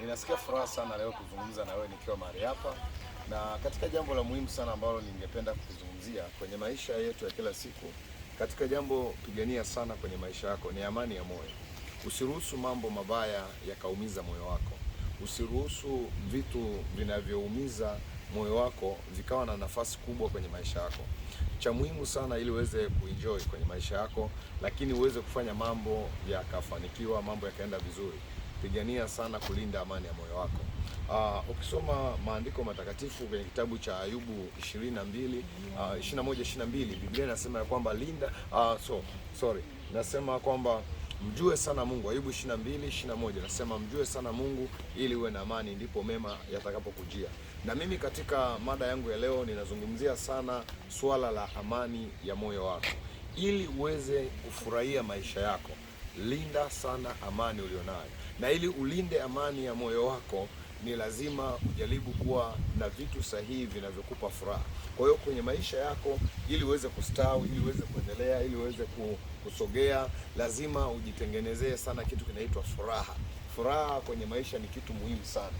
Ninasikia furaha sana leo kuzungumza na wewe nikiwa mahali hapa, na katika jambo la muhimu sana ambalo ningependa kukizungumzia kwenye maisha yetu ya kila siku, katika jambo pigania sana kwenye maisha yako ni amani ya moyo. Usiruhusu mambo mabaya yakaumiza moyo wako, usiruhusu vitu vinavyoumiza moyo wako vikawa na nafasi kubwa kwenye maisha yako. Cha muhimu sana ili uweze kuenjoy kwenye maisha yako, lakini uweze kufanya mambo yakafanikiwa, mambo yakaenda vizuri pigania sana kulinda amani ya moyo wako. Uh, ukisoma maandiko matakatifu kwenye kitabu cha Ayubu 22 uh, 21 22 Biblia inasema ya kwamba linda uh, so sorry, nasema kwamba mjue sana Mungu. Ayubu 22 21 nasema mjue sana Mungu ili uwe na amani, ndipo mema yatakapokujia. Na mimi katika mada yangu ya leo ninazungumzia sana swala la amani ya moyo wako, ili uweze kufurahia maisha yako linda sana amani ulionayo, na ili ulinde amani ya moyo wako ni lazima ujaribu kuwa na vitu sahihi vinavyokupa furaha. Kwa hiyo kwenye maisha yako, ili uweze kustawi, ili uweze kuendelea, ili uweze kusogea, lazima ujitengenezee sana kitu kinaitwa furaha. Furaha kwenye maisha ni kitu muhimu sana.